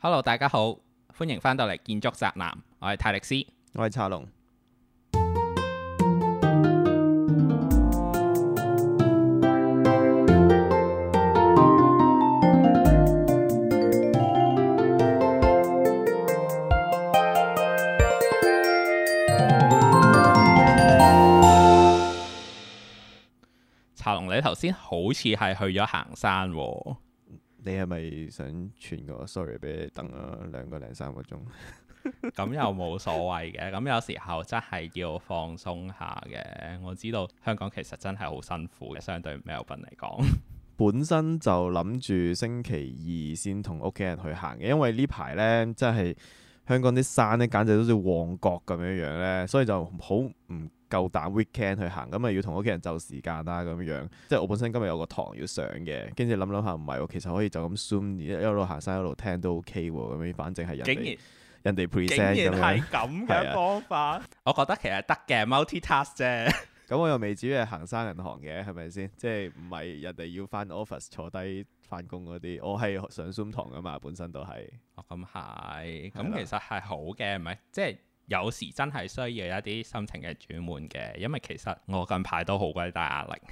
Hello，大家好，歡迎返到嚟建築宅男，我係泰力斯，我係茶龍。茶龍，你頭先好似係去咗行山喎。你係咪想傳個 sorry 俾你等啊？兩個零三個鐘，咁又冇所謂嘅。咁有時候真係要放鬆下嘅。我知道香港其實真係好辛苦嘅，相對 Melvin 嚟講，本身就諗住星期二先同屋企人去行嘅，因為呢排呢，真係香港啲山呢，簡直好似旺角咁樣樣呢，所以就好唔～夠膽 weekend 去行咁啊，要同屋企人就時間啦咁樣，即係我本身今日有個堂要上嘅，跟住諗諗下唔係喎，其實可以就咁 zoom 一路行山一路聽都 OK 喎、哦。咁樣反正係人然人哋 present 咁係咁嘅方法，我覺得其實得嘅 multi task 啫。咁我又未至於行山銀行嘅係咪先？即係唔係人哋要返 office 坐低返工嗰啲？我係上 zoom 堂㗎嘛，本身都係。哦，咁係咁，其實係好嘅，係咪？即係。有時真係需要一啲心情嘅轉換嘅，因為其實我近排都好鬼大壓力。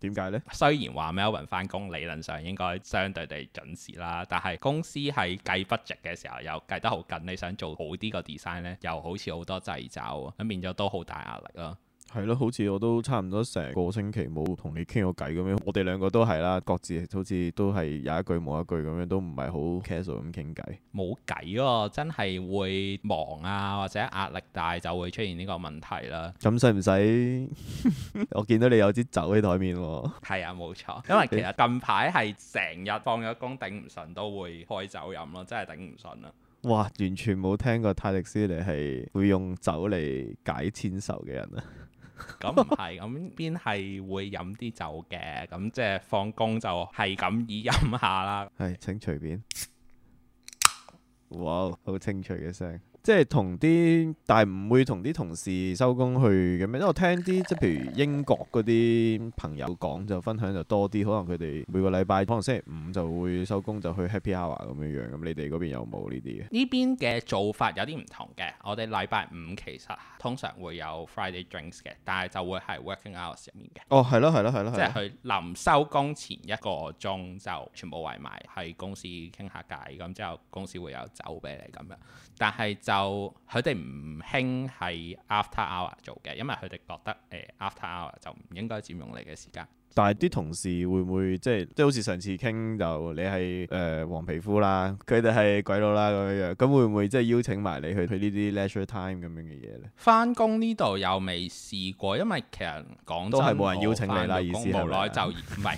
點 解呢？雖然話 Melvin 返工理論上應該相對地準時啦，但係公司喺計 budget 嘅時候又計得好緊，你想做好啲個 design 呢，又好似好多掣肘，噉變咗都好大壓力囉。係咯，好似我都差唔多成個星期冇同你傾過偈咁樣，我哋兩個都係啦，各自好似都係有一句冇一句咁樣，都唔係好 casual 咁傾偈。冇計喎，真係會忙啊，或者壓力大就會出現呢個問題啦、啊。咁使唔使？ 我見到你有支酒喺台面喎。係啊，冇、 啊、錯，因為其實近排係成日放咗工頂唔順，都會開酒飲咯，真係頂唔順啊！哇，完全冇聽過泰迪斯利係會用酒嚟解千愁嘅人啊！ 咁唔係，咁 邊係會飲啲酒嘅？咁即係放工就係咁意飲下啦。係請隨便。哇，好清脆嘅聲。即係同啲，但係唔會同啲同事收工去咁樣，因為我聽啲即係譬如英國嗰啲朋友講就分享就多啲，可能佢哋每個禮拜可能星期五就會收工就去 Happy Hour 咁樣樣，咁你哋嗰邊有冇呢啲？呢邊嘅做法有啲唔同嘅，我哋禮拜五其實通常會有 Friday Drinks 嘅，但係就會係 Working Hours 入面嘅。哦，係咯，係咯，係咯，即係佢臨收工前一個鐘就全部圍埋喺公司傾下偈，咁之後公司會有酒俾你咁樣。但係就。就佢哋唔興喺 after hour 做嘅，因為佢哋覺得誒、呃、after hour 就唔應該佔用你嘅時間。但係啲同事會唔會即係即係好似上次傾，就你係誒、呃、黃皮膚啦，佢哋係鬼佬啦咁樣樣，咁會唔會即係邀請埋你去去呢啲 lecture time 咁樣嘅嘢咧？翻工呢度又未試過，因為其實講真都冇人邀請你啦，班意思係咪？冇耐就唔係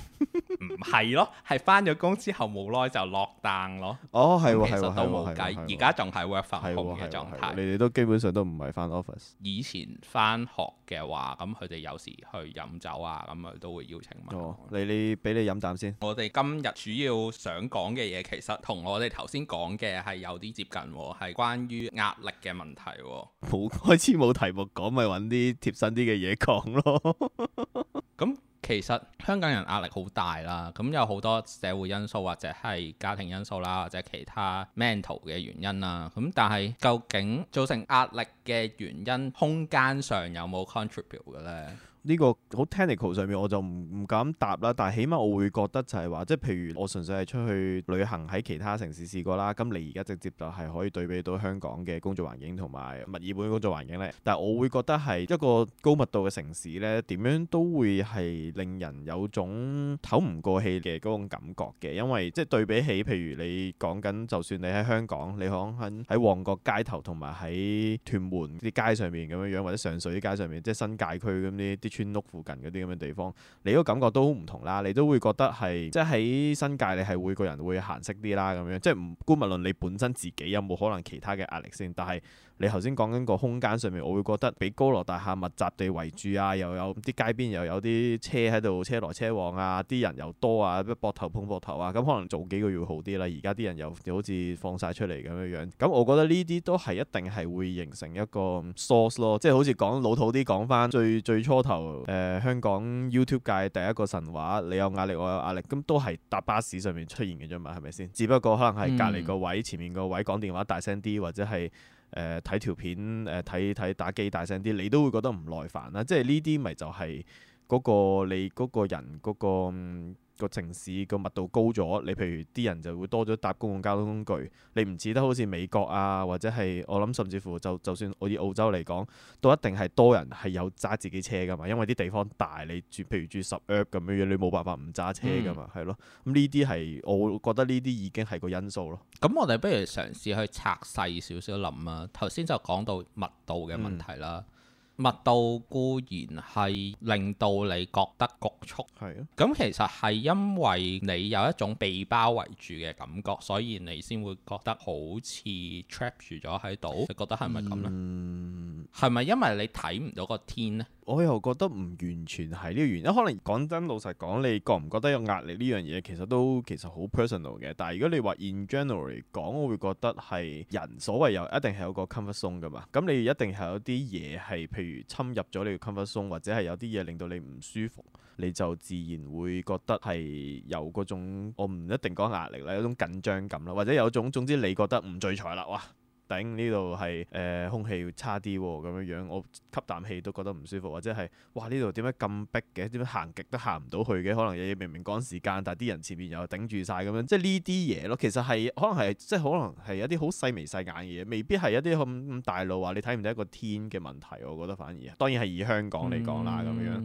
唔係咯，係翻咗工之後冇耐就落單咯。哦，係喎、啊，其實都冇計，而家仲係 work from home 嘅狀態。啊啊、你哋都基本上都唔係翻 office。以前翻學嘅話，咁佢哋有時去飲酒啊，咁啊都會邀。哦、你你俾你飲啖先。我哋今日主要想講嘅嘢，其實同我哋頭先講嘅係有啲接近，係關於壓力嘅問題。好開始冇題目講，咪揾啲貼身啲嘅嘢講咯。咁 其實香港人壓力好大啦，咁有好多社會因素或者係家庭因素啦，或者其他 mental 嘅原因啦。咁但係究竟造成壓力嘅原因，空間上有冇 contribute 嘅呢？呢個好 technical 上面，我就唔唔敢答啦，但係起碼我會覺得就係話，即係譬如我純粹係出去旅行喺其他城市試過啦，咁你而家直接就係可以對比到香港嘅工作環境同埋墨爾本嘅工作環境咧。但係我會覺得係一個高密度嘅城市咧，點樣都會係令人有種唞唔過氣嘅嗰種感覺嘅，因為即係對比起譬如你講緊，就算你喺香港，你可能喺旺角街頭同埋喺屯門啲街上面咁樣樣，或者上水街上面，即係新界區咁啲啲。村屋附近嗰啲咁嘅地方，你嗰個感覺都好唔同啦，你都會覺得係即係喺新界，你係每個人會閒適啲啦咁樣即係唔，姑勿論你本身自己有冇可能其他嘅壓力先，但係你頭先講緊個空間上面，我會覺得俾高樓大廈密集地圍住啊，又有啲街邊又有啲車喺度車來車往啊，啲人又多啊，膊頭碰膊頭啊，咁可能早幾個月會好啲啦，而家啲人又好似放晒出嚟咁樣樣，咁我覺得呢啲都係一定係會形成一個 source 咯，即係好似講老土啲講翻最最初頭。誒、呃、香港 YouTube 界第一個神話，你有壓力，我有壓力，咁都係搭巴士上面出現嘅啫嘛，係咪先？只不過可能係隔離個位，嗯、前面個位講電話大聲啲，或者係誒睇條片誒睇睇打機大聲啲，你都會覺得唔耐煩啦。即係呢啲咪就係嗰、那個嗰個你嗰個人嗰、嗰個。個城市個密度高咗，你譬如啲人就會多咗搭公共交通工具。你唔似得好似美國啊，或者係我諗甚至乎就就算我哋澳洲嚟講，都一定係多人係有揸自己的車㗎嘛，因為啲地方大，你住譬如住十 a p 咁樣樣，你冇辦法唔揸車㗎嘛，係、嗯、咯。咁呢啲係我覺得呢啲已經係個因素咯。咁我哋不如嘗試去拆細少少諗啊。頭先就講到密度嘅問題啦。嗯密度固然係令到你覺得局促，係啊，咁其實係因為你有一種被包圍住嘅感覺，所以你先會覺得好似 trap 住咗喺度，你覺得係咪咁呢？係咪、嗯、因為你睇唔到個天呢？我又覺得唔完全係呢個原因，因為可能講真老實講，你覺唔覺得有壓力呢樣嘢其實都其實好 personal 嘅。但係如果你話 in general 嚟講，我會覺得係人所謂有一定係有個 comfort zone 㗎嘛。咁你一定係有啲嘢係譬如侵入咗你 comfort zone，或者係有啲嘢令到你唔舒服，你就自然會覺得係有嗰種我唔一定講壓力啦，有種緊張感啦，或者有種總之你覺得唔聚財啦，哇！頂呢度係誒空氣要差啲喎，咁樣樣我吸啖氣都覺得唔舒服，或者係哇呢度點解咁逼嘅？點解行極都行唔到去嘅？可能日日明明趕時間，但係啲人前面又係頂住晒咁樣，即係呢啲嘢咯。其實係可能係即係可能係一啲好細微細眼嘅嘢，未必係一啲咁咁大路話你睇唔睇一個天嘅問題。我覺得反而，當然係以香港嚟講啦咁樣。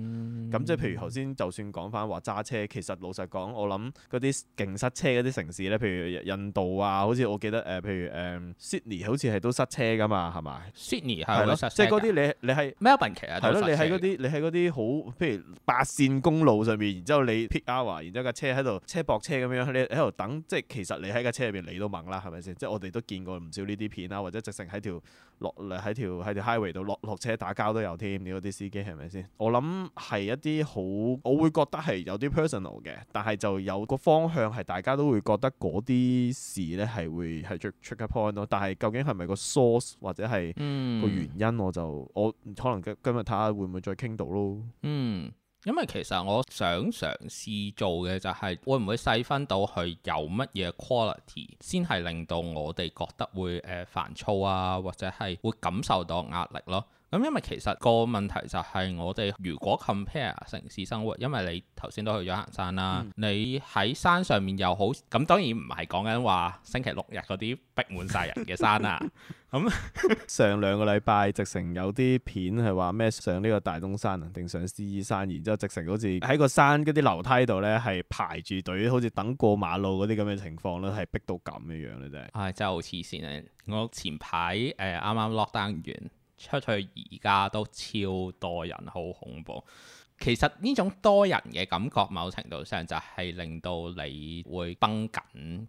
咁即係譬如頭先就算講翻話揸車，其實老實講，我諗嗰啲勁塞車嗰啲城市咧，譬如印度啊，好似我記得誒，譬如誒 Sydney。好似係都塞車㗎嘛，係咪？Sydney 係咯，即係嗰啲你你係 Melbourne 吧其實係咯，你喺嗰啲你喺嗰啲好，譬如八線公路上面，然之後你 pick out 啊然之後架車喺度車駁車咁樣，你喺度等，即係其實你喺架車入邊你都猛啦，係咪先？即係我哋都見過唔少呢啲片啦，或者直情喺條落嚟喺條喺條 highway 度落落車打交都有添，你嗰啲司機係咪先？我諗係一啲好，我會覺得係有啲 personal 嘅，但係就有個方向係大家都會覺得嗰啲事咧係會係出出個 point 咯，但係究竟。係咪個 source 或者係個原因？嗯，我就我可能今今日睇下會唔會再傾到咯。嗯，因為其實我想嘗試做嘅就係會唔會細分到佢有乜嘢 quality 先係令到我哋覺得會誒煩躁啊，或者係會感受到壓力咯。咁、嗯、因為其實個問題就係我哋如果 compare 城市生活，因為你頭先都去咗行山啦，嗯、你喺山上面又好，咁當然唔係講緊話星期六日嗰啲逼滿晒人嘅山啊。咁上兩個禮拜直成有啲片係話咩上呢個大東山啊，定上獅山，然之後直成好似喺個山嗰啲樓梯度呢，係排住隊，好似等過馬路嗰啲咁嘅情況呢係逼到咁嘅樣咧、哎，真係係真係好黐線咧！我前排誒啱啱 lock down 完。出去而家都超多人，好恐怖。其實呢種多人嘅感覺，某程度上就係令到你會繃緊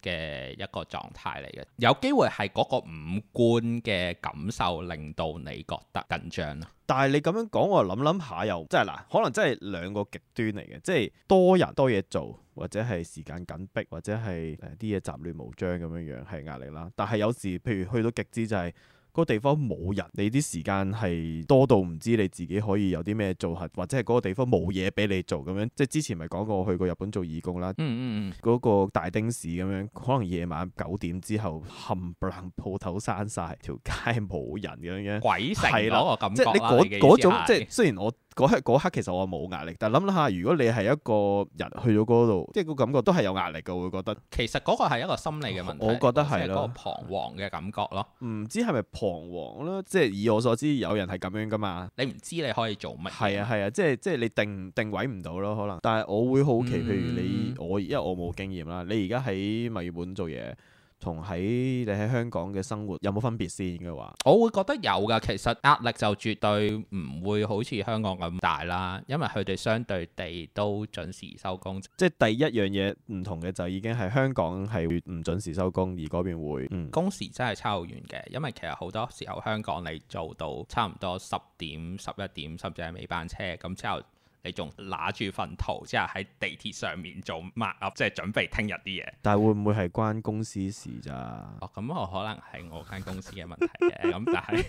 嘅一個狀態嚟嘅。有機會係嗰個五官嘅感受令到你覺得緊張。但係你咁樣講，我諗諗下又即係嗱，可能真係兩個極端嚟嘅，即係多人多嘢做，或者係時間緊迫，或者係啲嘢雜亂無章咁樣樣係壓力啦。但係有時譬如去到極之就係。個地方冇人，你啲時間係多到唔知你自己可以有啲咩做，或者係嗰個地方冇嘢俾你做咁樣。即係之前咪講過去過日本做義工啦，嗰、嗯嗯、個大町市。咁樣，可能夜晚九點之後冚唪唥鋪頭閂晒，條街冇人咁樣，鬼城嗰個感覺啦。即係你嗰嗰種，即係雖然我。嗰刻刻其實我冇壓力，但係諗諗下如果你係一個人去到嗰度，即係個感覺都係有壓力嘅，我會覺得其實嗰個係一個心理嘅問題，我覺得即係嗰個彷徨嘅感覺咯。唔知係咪彷徨啦？即係以我所知，有人係咁樣噶嘛。你唔知你可以做乜嘢啊？係啊，係啊，即係即係你定定位唔到咯，可能。但係我會好奇，譬如你、嗯、我，因為我冇經驗啦。你而家喺墨爾本做嘢。同喺你喺香港嘅生活有冇分別先嘅話，我會覺得有噶。其實壓力就絕對唔會好似香港咁大啦，因為佢哋相對地都準時收工。即係第一樣嘢唔同嘅就已經係香港係唔準時收工，而嗰邊會、嗯、工時真係差好遠嘅。因為其實好多時候香港你做到差唔多十點十一點甚至係尾班車，咁之後。你仲拿住份圖，即係喺地鐵上面做 mark up 即係準備聽日啲嘢。但係會唔會係關公司事咋，啊？ 哦，咁我可能係我間公司嘅問題嘅，咁 但係。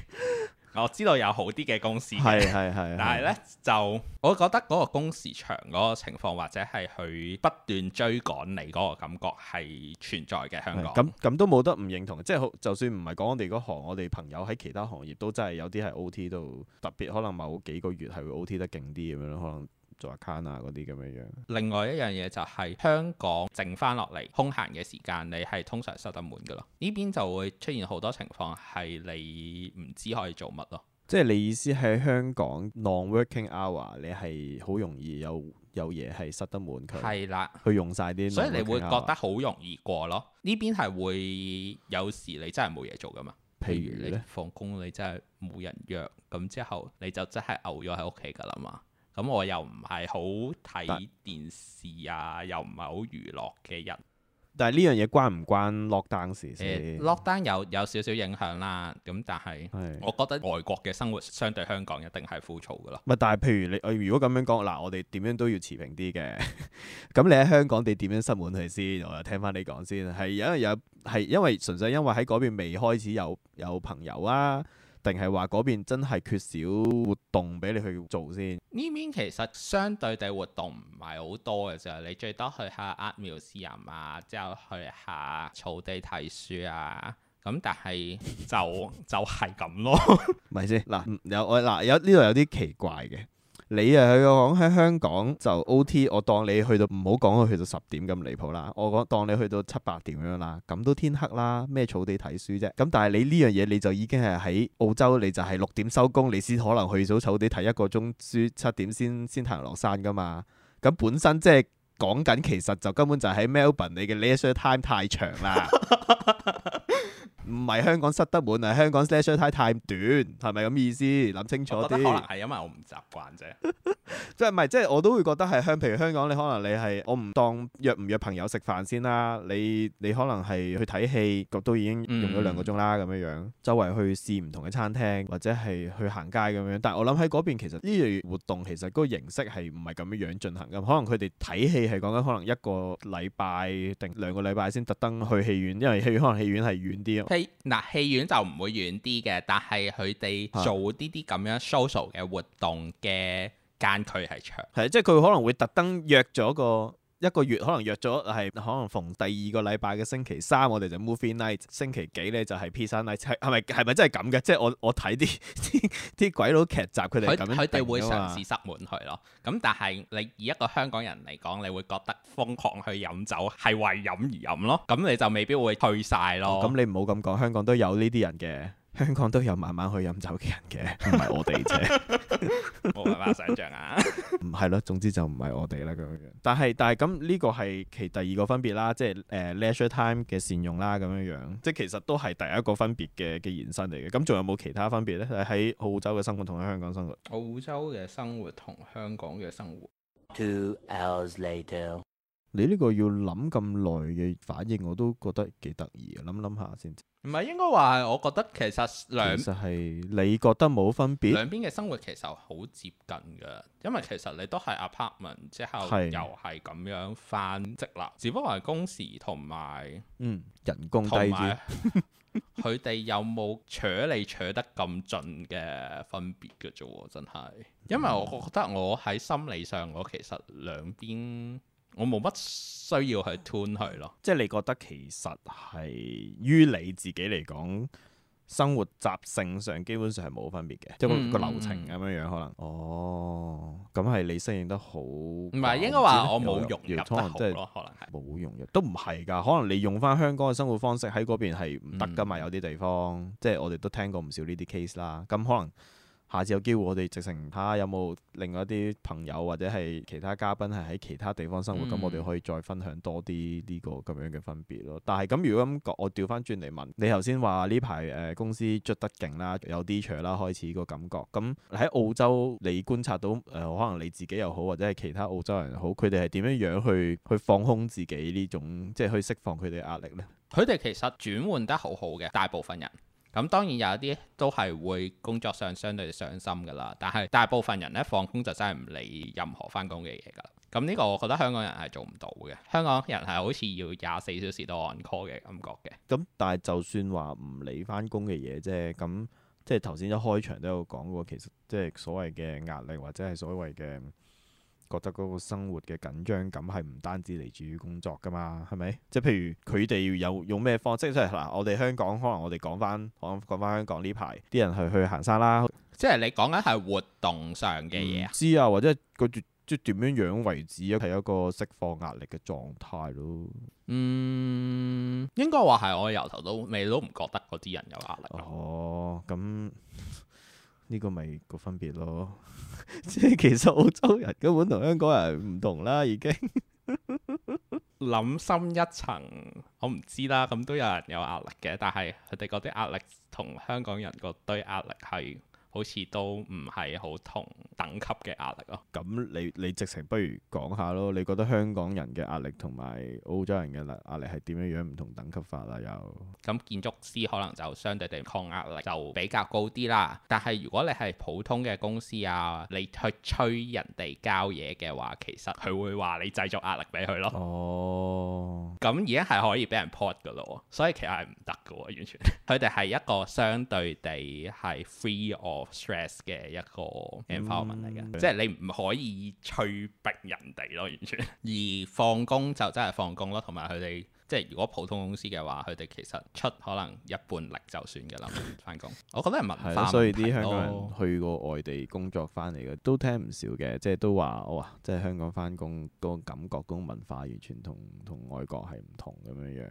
我知道有好啲嘅公司嘅，係係係，但係咧就，我覺得嗰個工時長嗰個情況，或者係佢不斷追趕你嗰個感覺係存在嘅香港。咁咁都冇得唔認同，即係好，就算唔係講我哋嗰行，我哋朋友喺其他行業都真係有啲係 OT 到，特別可能某幾個月係會 OT 得勁啲咁樣咯，可能。做 account 啊，啲咁嘅樣。另外一樣嘢就係香港剩翻落嚟空閒嘅時間，你係通常塞得滿噶咯。呢邊就會出現好多情況係你唔知可以做乜咯。即係你意思喺香港 non-working hour，你係好容易有有嘢係塞得滿佢。係啦的，去用晒啲。所以你會覺得好容易過咯。呢邊係會有時你真係冇嘢做噶嘛？譬如，譬如你放工，你真係冇人約，咁之後你就真係牛咗喺屋企噶啦嘛。咁我又唔係好睇電視啊，但又唔係好娛樂嘅人。但係呢樣嘢關唔關 lockdown 事先、呃、lockdown 有有少少影響啦。咁但係，我覺得外國嘅生活相對香港一定係枯燥噶啦。但係譬如你，呃、如果咁樣講，嗱，我哋點樣都要持平啲嘅。咁 你喺香港，你點樣塞滿佢先？我又聽翻你講先。係因為有，係因為純粹因為喺嗰邊未開始有有朋友啊。定係話嗰邊真係缺少活動俾你去做先？呢邊其實相對地活動唔係好多嘅啫，你最多去下挖苗樹林啊，之後去下草地睇書啊，咁但係就 就係咁咯 等等，咪先嗱，有我嗱有呢度有啲奇怪嘅。你啊，佢講喺香港就 OT，我當你去到唔好講去到十點咁離譜啦。我講當你去到七八點咁樣啦，咁都天黑啦，咩草地睇書啫？咁但係你呢樣嘢你就已經係喺澳洲，你就係六點收工，你先可能去到草地睇一個鐘書，七點先先行落山噶嘛。咁本身即係講緊，其實就根本就喺 Melbourne 你嘅 leisure time 太長啦。 唔係香港塞得滿啊！香港 slash time 太短，係咪咁意思？諗清楚啲。可能係因為我唔習慣啫。即係唔係即係我都會覺得係香，譬如香港你可能你係我唔當約唔約朋友食飯先啦。你你可能係去睇戲，都已經用咗兩個鐘啦咁樣樣。周圍去試唔同嘅餐廳或者係去行街咁樣。但係我諗喺嗰邊其實呢啲活動其實嗰個形式係唔係咁樣樣進行㗎。可能佢哋睇戲係講緊可能一個禮拜定兩個禮拜先特登去戲院，因為戲院可能戲院係遠啲啊。嗱，戲院就唔會遠啲嘅，但係佢哋做呢啲咁樣 social 嘅活動嘅間距係長，係，即係佢可能會特登約咗個。一個月可能約咗係可能逢第二個禮拜嘅星期三，我哋就 Movie Night；星期幾咧就係 Pizza Night。係咪係咪真係咁嘅？即係我我睇啲啲鬼佬劇集，佢哋咁樣佢哋會嘗試塞滿去咯。咁但係你以一個香港人嚟講，你會覺得瘋狂去飲酒係為飲而飲咯。咁你就未必會退晒咯。咁、哦、你唔好咁講，香港都有呢啲人嘅。香港都有慢慢去飲酒嘅人嘅，唔係我哋啫，冇辦法想象啊。唔係咯，總之就唔係我哋啦咁樣樣。但係但係咁呢個係其第二個分別啦，啊，即係誒、呃、leisure time 嘅善用啦咁樣樣，即係其實都係第一個分別嘅嘅延伸嚟嘅。咁仲有冇其他分別咧？喺、就係、澳洲嘅生活同喺香港生活。澳洲嘅生活同香港嘅生活。Two hours later。你呢個要諗咁耐嘅反應，我都覺得幾得意嘅，諗諗下先。唔係應該話係，我覺得其實兩其實係你覺得冇分別，兩邊嘅生活其實好接近㗎，因為其實你都係 apartment 之後是又係咁樣返職啦，只不過係工時同埋嗯人工低啲，佢哋和 有冇扯你扯得咁盡嘅分別㗎啫喎，真係，因為我覺得我喺心理上我其實兩邊。我冇乜需要去 turn 佢咯，即係你覺得其實係於你自己嚟講，生活習性上基本上係冇分別嘅，即係個流程咁樣樣可能。嗯嗯嗯哦，咁係你適應得好，唔係應該話我冇融入得好咯，可能冇融入都唔係噶，可能你用翻香港嘅生活方式喺嗰邊係唔得噶嘛，嗯、有啲地方，即係我哋都聽過唔少呢啲 case 啦，咁可能。下次有機會我，我哋直程睇下有冇另外一啲朋友或者係其他嘉賓係喺其他地方生活，咁、嗯、我哋可以再分享多啲呢個咁樣嘅分別咯。但係咁如果咁講，我調翻轉嚟問你頭先話呢排誒公司捽得勁啦，有啲潮啦，開始個感覺咁喺澳洲，你觀察到誒、呃，可能你自己又好，或者係其他澳洲人又好，佢哋係點樣樣去去放空自己呢種，即係去釋放佢哋壓力咧？佢哋其實轉換得好好嘅，大部分人。咁當然有一啲都係會工作上相對上心噶啦，但係大部分人咧，放工就真係唔理任何翻工嘅嘢噶。咁、嗯、呢、這個我覺得香港人係做唔到嘅，香港人係好似要廿四小時都 on call 嘅感覺嘅。咁但係就算話唔理翻工嘅嘢啫，咁即係頭先一開場都有講過，其實即係所謂嘅壓力或者係所謂嘅。覺得嗰個生活嘅緊張感係唔單止嚟自於工作噶嘛，係咪？即係譬如佢哋有用咩方式？即係嗱，我哋香港可能我哋講翻，我講翻香港呢排啲人係去行山啦。即係你講緊係活動上嘅嘢啊？知啊，或者個即係點樣樣為止，係一個釋放壓力嘅狀態咯。嗯，應該話係我由頭到尾都唔覺得嗰啲人有壓力。哦，咁。呢個咪個分別咯，即係其實澳洲人根本同香港人唔同啦，已經諗 深一層，我唔知啦，咁都有人有壓力嘅，但係佢哋嗰啲壓力同香港人嗰堆壓力係，好似都唔係好同等級嘅壓力咯。咁你你直情不如講下咯。你覺得香港人嘅壓力同埋澳洲人嘅壓力係點樣樣唔同等級法啦？又咁建築師可能就相對地抗壓力就比較高啲啦。但係如果你係普通嘅公司啊，你去催人哋交嘢嘅話，其實佢會話你製造壓力俾佢咯。哦。咁而家係可以俾人破㗎咯。所以其實係唔得㗎，完全。佢哋係一個相對地係 free or。stress 嘅一個 environment 嚟嘅、嗯，的即係你唔可以催逼人哋咯，完全。而放工就真係放工咯，同埋佢哋即係如果普通公司嘅話，佢哋其實出可能一半力就算㗎喇，翻工。 我覺得係文化問題。係啊，所以啲香港人去過外地工作翻嚟嘅都聽唔少嘅，即係都話哇，即係香港翻工嗰個感覺、嗰個文化完全同同外國係唔同咁樣樣。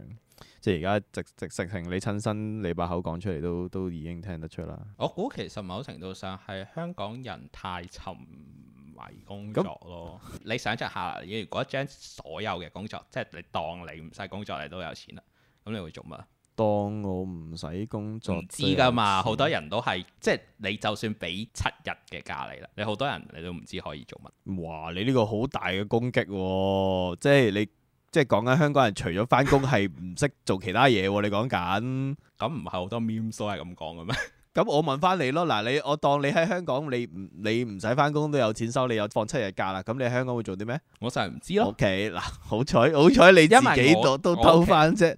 即係而家直直直情，你親身，你把口講出嚟都都已經聽得出啦。我估其實某程度上係香港人太沉迷工作咯。嗯、你想象下，如果將所有嘅工作，即係你當你唔使工作你都有錢啦，咁你會做乜？當我唔使工作，知㗎嘛？好多人都係即係你就算俾七日嘅假你啦，你好多人你都唔知可以做乜。哇！你呢個好大嘅攻擊喎，即係你。即係講緊香港人除咗翻工係唔識做其他嘢喎、啊，你講緊咁唔係好多 meme 都係咁講嘅咩？咁 我問翻你咯，嗱，你我當你喺香港你你唔使翻工都有錢收，你有放七日假啦，咁你喺香港會做啲咩？我就係唔知咯。O K 嗱，好彩好彩你自己度都偷翻啫，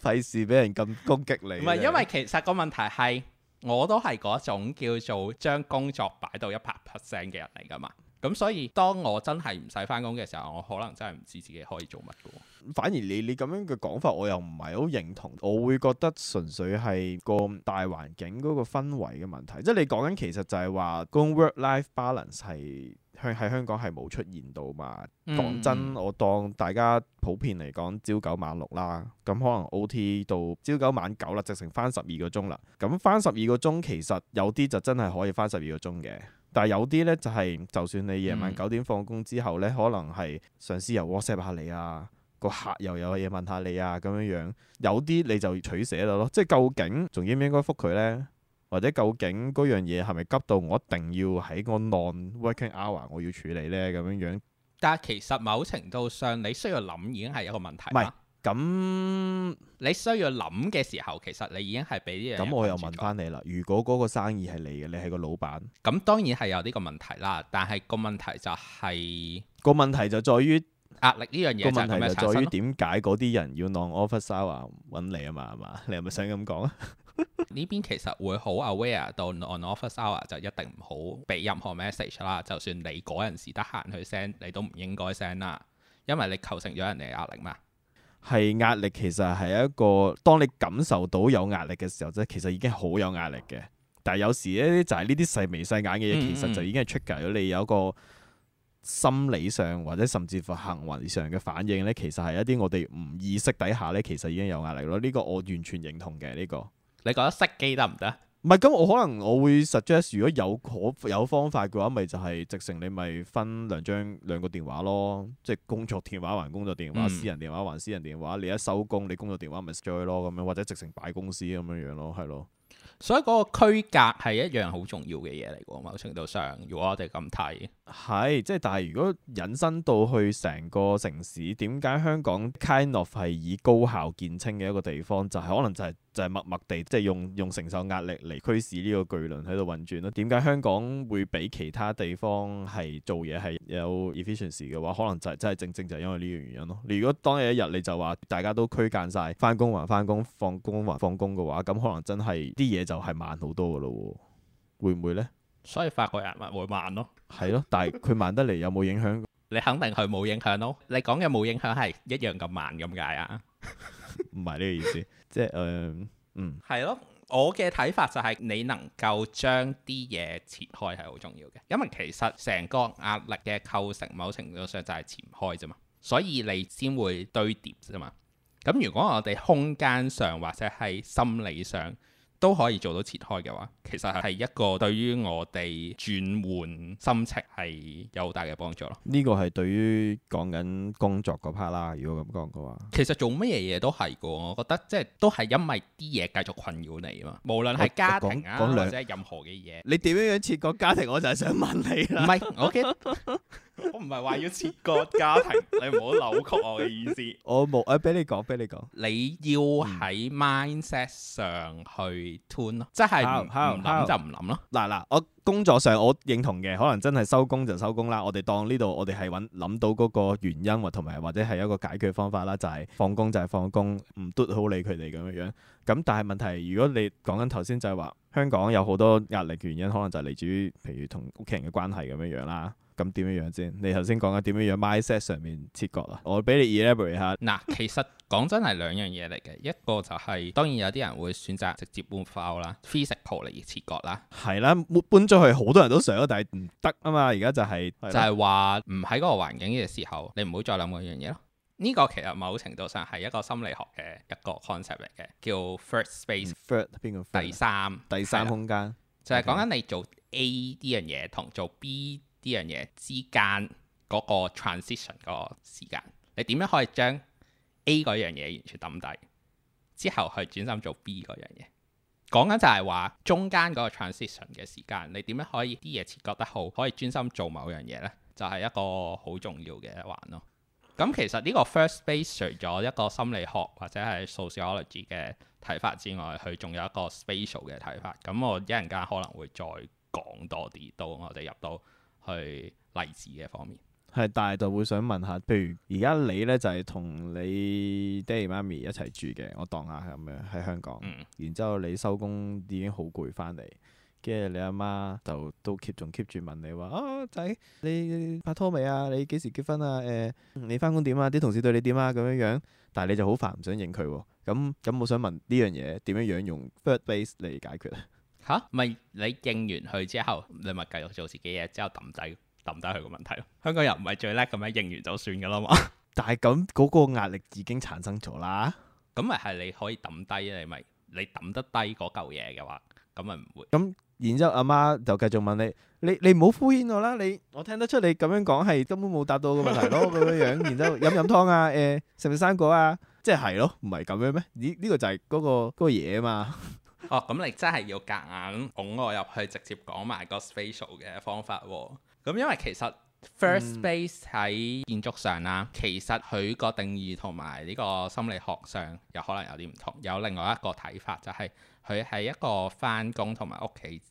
費事俾人咁攻擊你。唔係，因為其實個問題係我都係嗰種叫做將工作擺到一百 percent 嘅人嚟㗎嘛。咁所以當我真係唔使返工嘅時候，我可能真係唔知自己可以做乜喎。反而你你咁樣嘅講法，我又唔係好認同。我會覺得純粹係個大環境嗰個氛圍嘅問題。即係你講緊其實就係話，work life balance 係香喺香港係冇出現到嘛？講、嗯、真，我當大家普遍嚟講朝九晚六啦，咁可能 O T 到朝九晚九啦，直成返十二個鐘啦。咁返十二個鐘其實有啲就真係可以返十二個鐘嘅。但係有啲咧就係、是，就算你夜晚九點放工之後咧，可能係上司又 WhatsApp 下你啊，個客又有嘢問下你啊，咁樣樣。有啲你就取捨咯，即係究竟仲應唔應該覆佢咧？或者究竟嗰樣嘢係咪急到我一定要喺個 non-working hour 我要處理咧？咁樣樣。但係其實某程度上你需要諗，已經係一個問題啦，唔係。咁、嗯、你需要諗嘅時候，其實你已經係俾呢樣咁我又問翻你啦。如果嗰個生意係你嘅，你係個老闆，咁當然係有呢個問題啦。但係個問題就係、是、個問題就在於壓力呢樣嘢就係咩？就在於點解嗰啲人要 non-office hour 搵你啊？嘛係嘛？你係咪想咁講啊？呢 邊其實會好 aware 到 non-office hour 就一定唔好俾任何 message 啦。就算你嗰陣時得閒去 send，你都唔應該 send 啦，因為你構成咗人哋壓力嘛。係壓力其實係一個，當你感受到有壓力嘅時候咧，其實已經好有壓力嘅。但係有時咧，就係呢啲細眉細眼嘅嘢，其實就已經係 trigger 咗。你有一個心理上或者甚至乎行為上嘅反應咧，其實係一啲我哋唔意識底下咧，其實已經有壓力咯。呢、這個我完全認同嘅呢、這個。你覺得熄機得唔得？唔係，咁我可能我會 suggest，如果有可有方法嘅話，咪就係、是、直情你咪分兩張兩個電話咯，即係工作電話還工作電話，嗯、私人電話還私人電話。你一收工，你工作電話咪 store 咯咁樣，或者直情擺公司咁樣樣咯，係咯。所以嗰個區隔係一樣好重要嘅嘢嚟嘅喎，某程度上，如果我哋咁睇，係即係。但係如果引申到去成個城市，點解香港 kind of 係以高效見稱嘅一個地方，就係、是、可能就係、是。就係默默地即係、就是、用用承受壓力嚟驅使呢個巨輪喺度運轉咯。點解香港會比其他地方係做嘢係有 efficiency 嘅話，可能就係真係正正就係因為呢樣原因咯。如果當有一日你就話大家都區間晒，翻工還翻工，放工還放工嘅話，咁可能真係啲嘢就係慢好多噶咯。會唔會呢？所以法國人咪會慢咯。係 咯，但係佢慢得嚟有冇影響？ 你肯定係冇影響咯。你講嘅冇影響係一樣咁慢咁解啊。 唔係呢個意思， 即係誒，uh, 嗯，係咯，我嘅睇法就係你能夠將啲嘢切開係好重要嘅，因為其實成個壓力嘅構成某程度上就係切唔開啫嘛，所以你先會堆疊啫嘛。咁如果我哋空間上或者係心理上，都可以做到切開嘅話，其實係一個對於我哋轉換心情係有好大嘅幫助咯。呢個係對於講緊工作嗰 part 啦。如果咁講嘅話，其實做乜嘢嘢都係嘅。我覺得即係都係因為啲嘢繼續困擾你啊嘛。無論係家庭啊，即係任何嘅嘢。你點樣樣切個家庭，我就係想問你啦。唔係，OK。 我唔係話要切割家庭， 你唔好扭曲我嘅意思 我。我、啊、冇，我俾你講俾你講。你要喺 mindset 上去 turn 咯、嗯，即係唔諗就唔諗咯。嗱嗱，我工作上我認同嘅，可能真係收工就收工啦。我哋當呢度我哋係揾諗到嗰個原因或同埋或者係一個解決方法啦，就係放工就係放工，唔嘟好理佢哋咁樣樣。咁但係問題，如果你講緊頭先就係話香港有好多壓力原因，可能就係嚟自於，譬如同屋企人嘅關係咁樣樣啦。咁點樣樣先？你頭先講緊點樣樣 mindset 上面切割啦，我俾你 elaborate 一下。嗱，其實講真係兩樣嘢嚟嘅， 一個就係、是、當然有啲人會選擇直接搬翻 out 啦，physical 嚟切割啦。係啦，搬咗去好多人都想，但係唔得啊嘛。而家就係、是、就係話唔喺嗰個環境嘅時候，你唔好再諗嗰樣嘢咯。呢 個其實某程度上係一個心理學嘅一個 concept 嚟嘅，叫 first space，third 邊個 third 第三第三空間，的 okay. 就係講緊你做 A 呢樣嘢同做 B。呢樣嘢之間嗰個 transition 嗰個時間，你點樣可以將 A 嗰樣嘢完全抌低，之後去專心做 B 嗰樣嘢？講緊就係話中間嗰個 transition 嘅時間，你點樣可以啲嘢切覺得好，可以專心做某樣嘢呢？就係、是、一個好重要嘅一環咯。咁、嗯、其實呢個 first space 除咗一個心理學或者係 sociology 嘅睇法之外，佢仲有一個 spatial 嘅睇法。咁我一陣間可能會再講多啲，到我哋入到。係例子嘅方面，係，但係就會想問下，譬如而家你呢，就係、是、同你爹哋媽咪一齊住嘅，我當下係咁樣喺香港。嗯、然之後你收工已經好攰返嚟，跟住你阿媽就都 keep 仲 keep 住問你話：啊、哦、仔，你拍拖未啊？你幾時結婚啊？誒、呃，你返工點啊？啲同事對你點啊？咁樣樣，但係你就好煩，唔想應佢喎。咁咁，我想問呢樣嘢點樣樣用 third space 嚟解決啊？吓，咪你應完佢之後，你咪繼續做自己嘢，之後抌低抌低佢個問題咯。香港人唔係最叻咁樣應完就算噶啦嘛。 但係咁嗰個壓力已經產生咗啦。咁咪係你可以抌低，你咪你抌得低嗰嚿嘢嘅話，咁咪唔會。咁，然之後阿媽，媽就繼續問你，你你唔好敷衍我啦。你，我，你我聽得出你咁樣講係根本冇答到個問題咯，咁樣 樣。然之後飲唔飲湯啊？誒、呃，食食生果啊？即係咯，唔係咁樣咩？呢呢、這個就係嗰、那個嗰、那個嘢啊嘛。哦，咁你真係要隔硬拱我入去，直接講埋個 spatial 嘅方法喎，哦？咁因為其實 first space 喺、嗯、建築上啦，其實佢個定義同埋呢個心理學上有可能有啲唔同，有另外一個睇法就係佢係一個翻工同埋屋企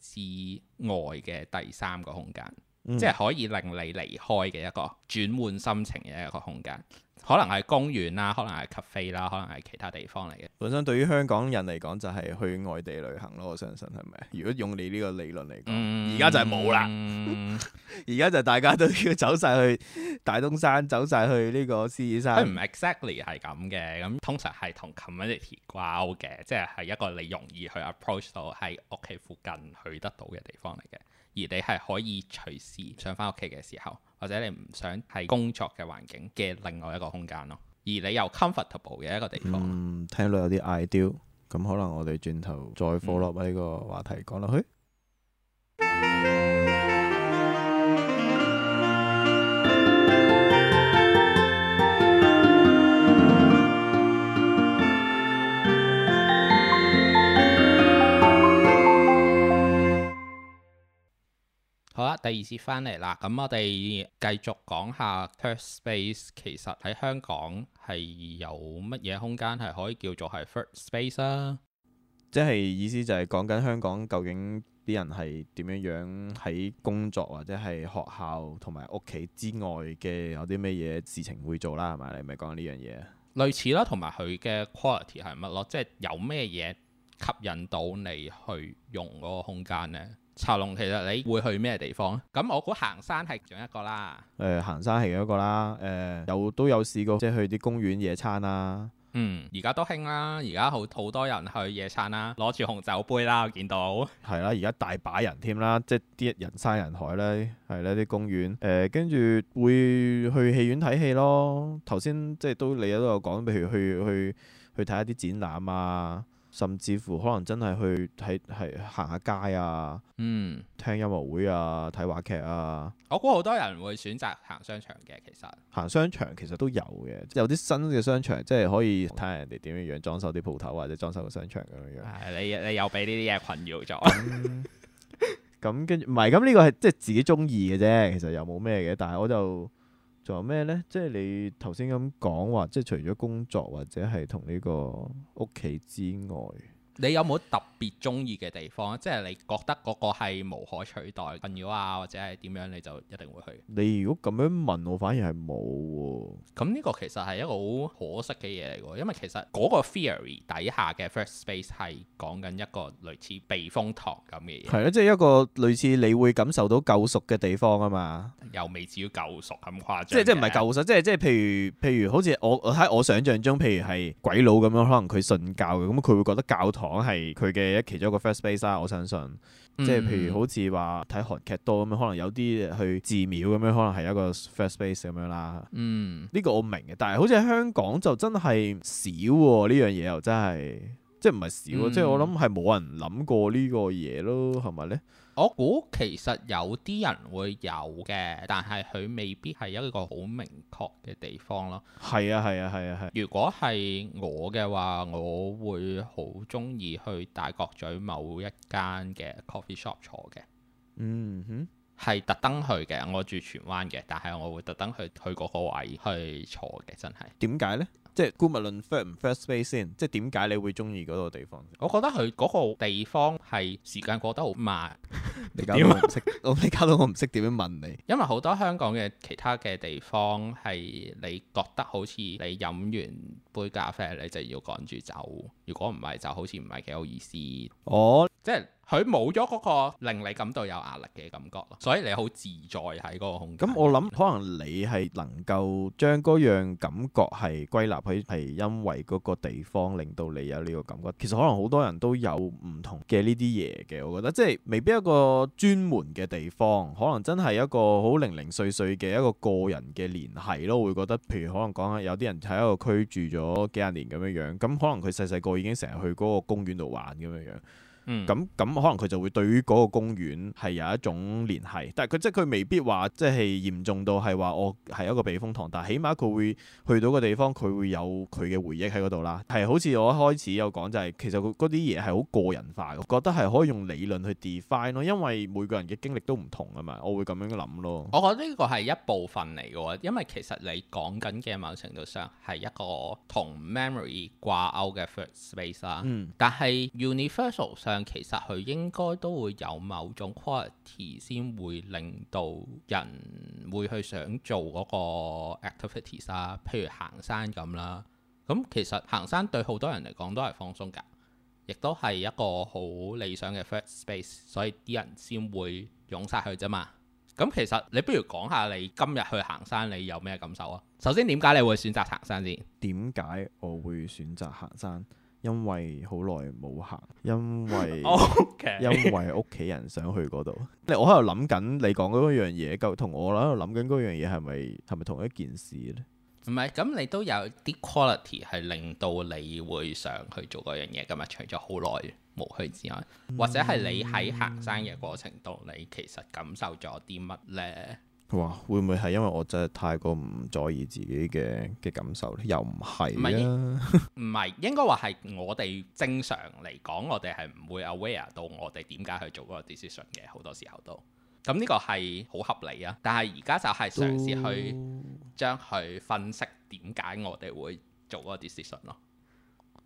之外嘅第三個空間。嗯、即係可以令你離開嘅一個轉換心情嘅一個空間，可能係公園啦，可能係咖啡啦，可能係其他地方嚟嘅。本身對於香港人嚟講，就係去外地旅行咯。我相信係咪？如果用你呢個理論嚟講，而家、嗯、就係冇啦。而家、嗯、 就大家都要走晒去大東山，走晒去呢個獅子山。唔係，exactly 係咁嘅。咁通常係同 community 掛鈎嘅，即係係一個你容易去 approach 到喺屋企附近去得到嘅地方嚟嘅。而你係可以隨時想返屋企嘅時候，或者你唔想係工作嘅環境嘅另外一個空間咯。而你又 comfortable 嘅一個地方。嗯，聽落有啲 ideal，咁可能我哋轉頭再 follow 呢個話題講落去。嗯。第二次翻嚟啦，咁我哋繼續講下 third space。其實喺香港係有乜嘢空間係可以叫做係 third space 啊？即係意思就係講緊香港究竟啲人係點樣樣喺工作或者係學校同埋屋企之外嘅有啲咩嘢事情會做啦？係咪？你咪講緊呢樣嘢啊？類似啦，同埋佢嘅 quality 係乜咯？即係有咩嘢吸引到你去用嗰個空間呢？茶龍其實你會去咩地方啊？咁我估行山係仲一個啦。誒、呃，行山係一個啦。誒、呃，有都有試過，即係去啲公園野餐啦。嗯，而家都興啦，而家好好多人去野餐啦，攞住紅酒杯啦，我見到。係啦、嗯，而家大把人添啦，即係啲人山人海呢，係啦啲公園。誒、呃，跟住會去戲院睇戲咯。頭先即係都你都有講，譬如去去去睇一啲展覽啊。甚至乎可能真係去睇，係行下街啊，嗯，聽音樂會啊，睇話劇啊。我估好多人會選擇行商場嘅，其實行商場其實都有嘅，有啲新嘅商場即係可以睇下人哋點樣樣裝修啲鋪頭或者裝修個商場咁樣樣。係、嗯、你你又俾呢啲嘢困擾咗。咁跟住唔係咁呢個係即係自己中意嘅啫，其實又冇咩嘅，但係我就。仲有咩咧？即係你頭先咁講話，即係除咗工作或者係同呢個屋企之外。你有冇特別中意嘅地方？即係你覺得嗰個係無可取代、重要啊，或者係點樣你就一定會去？你如果咁樣問我，反而係冇喎。咁呢個其實係一個好可惜嘅嘢嚟嘅，因為其實嗰個 theory 底下嘅 first space 係講緊一個類似避風塘咁嘅嘢。係啊，即係一個類似你會感受到救贖嘅地方啊嘛。又未至於救贖咁誇張，即係即係唔係救贖？即係即係譬如譬如好似我喺我想像中，譬如係鬼佬咁樣，可能佢信教嘅，咁佢會覺得教堂。講係佢嘅一其中一個 first space 啦，我相信，即係譬如好似話睇韓劇多咁樣，可能有啲去寺廟咁樣，可能係一個 first space 咁樣啦。嗯，呢個我明嘅，但係好似喺香港就真係少喎，啊，呢樣嘢又真係即係唔係少，即係、啊嗯、我諗係冇人諗過呢個嘢咯，係咪咧？我估其實有啲人會有嘅，但係佢未必係一個好明確嘅地方咯。係啊，係啊，係啊，係啊。如果係我嘅話，我會好中意去大角咀某一間嘅 coffee shop 坐嘅。嗯哼，係特登去嘅。我住荃灣嘅，但係我會特登去去嗰個位去坐嘅。真係點解呢？即係姑勿論 first first place 先，即係點解你會中意嗰個地方？我覺得佢嗰個地方係時間過得好慢。你點？ 我唔識，你搞到我唔識點樣問你。因為好多香港嘅其他嘅地方係你覺得好似你飲完杯咖啡你就要趕住走，如果唔係就好似唔係幾有意思。哦，oh. 即係。佢冇咗嗰個令你感到有壓力嘅感覺，所以你好自在喺嗰個空間。咁我諗可能你係能夠將嗰樣感覺係歸納喺係因為嗰個地方令到你有呢個感覺。其實可能好多人都有唔同嘅呢啲嘢嘅，我覺得即係未必一個專門嘅地方，可能真係一個好零零碎碎嘅一個個人嘅聯繫咯。我會覺得譬如可能講下有啲人喺一個區住咗幾廿年咁樣樣，咁可能佢細細個已經成日去嗰個公園度玩咁樣樣。嗯，咁咁可能佢就會對於個公園係有一種聯繫，但係佢即係佢未必話即係嚴重到係話我係一個避風塘，但係起碼佢會去到個地方，佢會有佢嘅回憶喺度啦。係好似我一開始有講就係、是、其實佢嗰啲嘢係好個人化嘅，我覺得係可以用理論去 define 咯，因為每個人嘅經歷都唔同啊嘛，我會咁樣諗咯。我覺得呢個係一部分嚟嘅，因為其實你講緊嘅某程度上係一個同 memory 掛鈎嘅 space 啦，嗯，但係 universal 上。其實佢應該都會有某種 quality 先會令到人會去想做嗰個 activity 啦、啊，譬如行山咁啦。咁、嗯、其實行山對好多人嚟講都係放鬆㗎，亦都係一個好理想嘅 first space，所以啲人先會湧晒去啫嘛。咁、嗯、其實你不如講下你今日去行山你有咩感受啊？首先點解你會選擇行山先？點解我會選擇行山？因為好耐冇行，因為 因為屋企人想去嗰度。 我你我喺度諗緊你講嗰樣嘢，究竟同我喺度諗緊嗰樣嘢係咪係咪同一件事咧？唔係，咁你都有啲 quality 係令到你會想去做嗰樣嘢噶嘛？除咗好耐冇去之外，或者係你喺行山嘅過程度，你其實感受咗啲乜咧？哇！會唔會係因為我真係太過唔在意自己嘅嘅感受呢？又唔係啦，唔係應該話係我哋正常嚟講，我哋係唔會 aware 到我哋點解去做嗰個 decision 嘅。好多時候都咁，呢個係好合理啊！但係而家就係嘗試去將佢分析點解我哋會做嗰個 decision 咯。都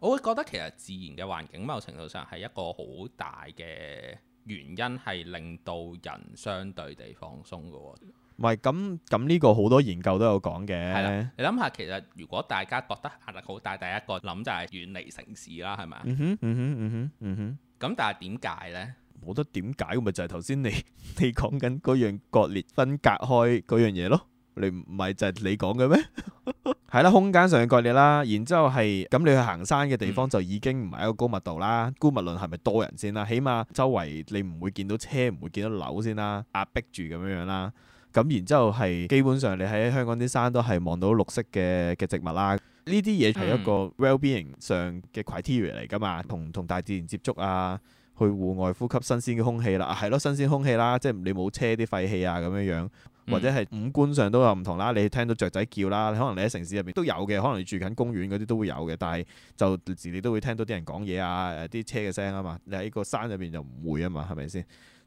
我會覺得其實自然嘅環境某程度上係一個好大嘅。原因係令到人相對地放鬆嘅喎。哦，唔係咁，咁呢個好多研究都有講嘅。係啦，你諗下，其實如果大家覺得壓力好大，第一個諗就係遠離城市啦，係咪啊？嗯哼，嗯哼，嗯哼，嗯哼。咁但係點解咧？冇得點解，咪就係頭先你你講緊嗰樣割裂分隔開嗰樣嘢咯。你唔咪就係、是、你講嘅咩？係 啦，空間上嘅概念啦。然之後係咁，你去行山嘅地方就已經唔係一個高密度啦。高密度係咪多人先啦？起碼周圍你唔會見到車，唔會見到樓先啦，壓迫住咁樣樣啦。咁然之後係基本上你喺香港啲山都係望到綠色嘅嘅植物啦。呢啲嘢係一個 well-being 上嘅 criteria 嚟噶嘛？同同大自然接觸啊，去戶外呼吸新鮮嘅空氣啦。係、啊、咯，新鮮空氣啦，即係你冇車啲廢氣啊咁樣樣。或者係五官上都有唔同啦，你聽到雀仔叫啦，你可能你喺城市入邊都有嘅，可能你住緊公園嗰啲都會有嘅，但係就時你都會聽到啲人講嘢啊，啲車嘅聲啊嘛，你喺個山入邊就唔會啊嘛，係咪先？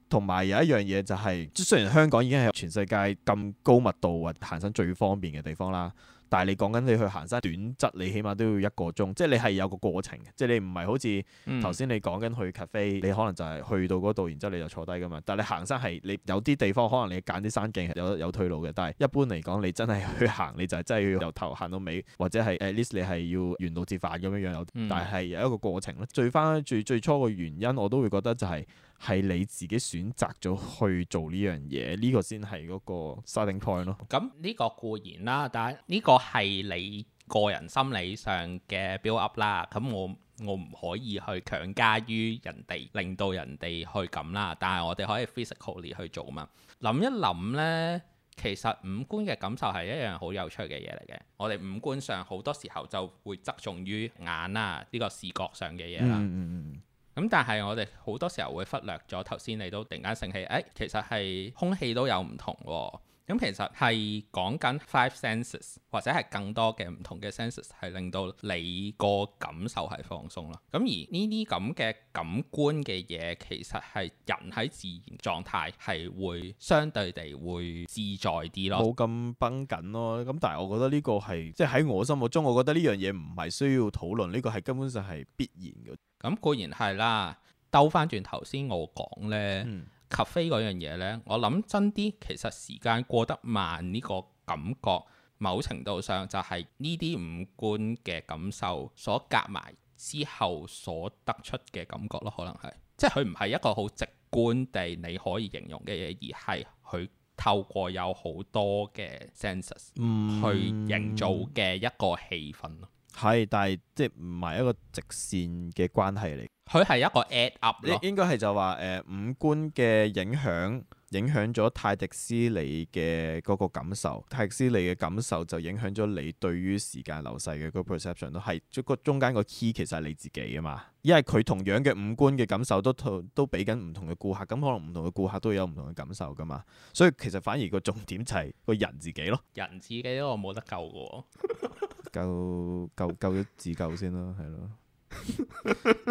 同埋有，有一樣嘢就係，即，雖然香港已經係全世界咁高密度或行山最方便嘅地方啦。但係你講緊你去行山短質，你起碼都要一個鐘，即係你係有個過程嘅，即係你唔係好似頭先你講緊去 cafe，你可能就係去到嗰度，然之後你就坐低噶嘛。但係你行山係你有啲地方可能你揀啲山徑係有有退路嘅，但係一般嚟講你真係去行你就係真係要由頭行到尾，或者係 at least 你係要沿路折返咁樣樣，但係有一個過程咯。最翻最最初個原因我都會覺得就係。係你自己選擇咗去做呢樣嘢，呢個先係嗰個 setting point 咯。咁呢個固然啦，但係呢個係你個人心理上嘅 build up 啦。咁我我唔可以去強加於人哋，令到人哋去咁啦。但係我哋可以 physically 去做嘛。諗一諗呢，其實五官嘅感受係一樣好有趣嘅嘢嚟嘅。我哋五官上好多時候就會側重於眼啦，呢個視覺上嘅嘢啦。嗯嗯嗯咁但係我哋好多時候會忽略咗，頭先你都突然間醒起，誒、哎、其實係空氣都有唔同喎。咁、嗯、其實係講緊 five senses 或者係更多嘅唔同嘅 senses 係令到你個感受係放鬆啦。咁而呢啲咁嘅感官嘅嘢，其實係人喺自然狀態係會相對地會自在啲咯，冇咁繃緊咯。咁但係我覺得呢個係即係喺我心目中，我覺得呢樣嘢唔係需要討論，呢、呢個係根本上係必然嘅。咁固、嗯、然係啦。兜翻轉頭先我講呢。嗯咖啡嗰樣嘢呢，我諗真啲，其實時間過得慢呢個感覺，某程度上就係呢啲五官嘅感受所夾埋之後所得出嘅感覺咯，可能係，即係佢唔係一個好直觀地你可以形容嘅嘢，而係佢透過有好多嘅 senses 去營造嘅一個氣氛。嗯係，但係即係唔係一個直線嘅關係嚟。佢係一個 add up 咯，應該係就話誒五官嘅影響，影響咗泰迪斯利嘅嗰個感受，泰迪斯利嘅感受就影響咗你對於時間流逝嘅個 perception 都係，就個中間個 key 其實係你自己啊嘛。因為佢同樣嘅五官嘅感受都都都俾緊唔同嘅顧客，咁可能唔同嘅顧客都有唔同嘅感受噶嘛。所以其實反而個重點就係個人自己咯。人自己我冇得救噶。 救救救咗自救先咯，係咯，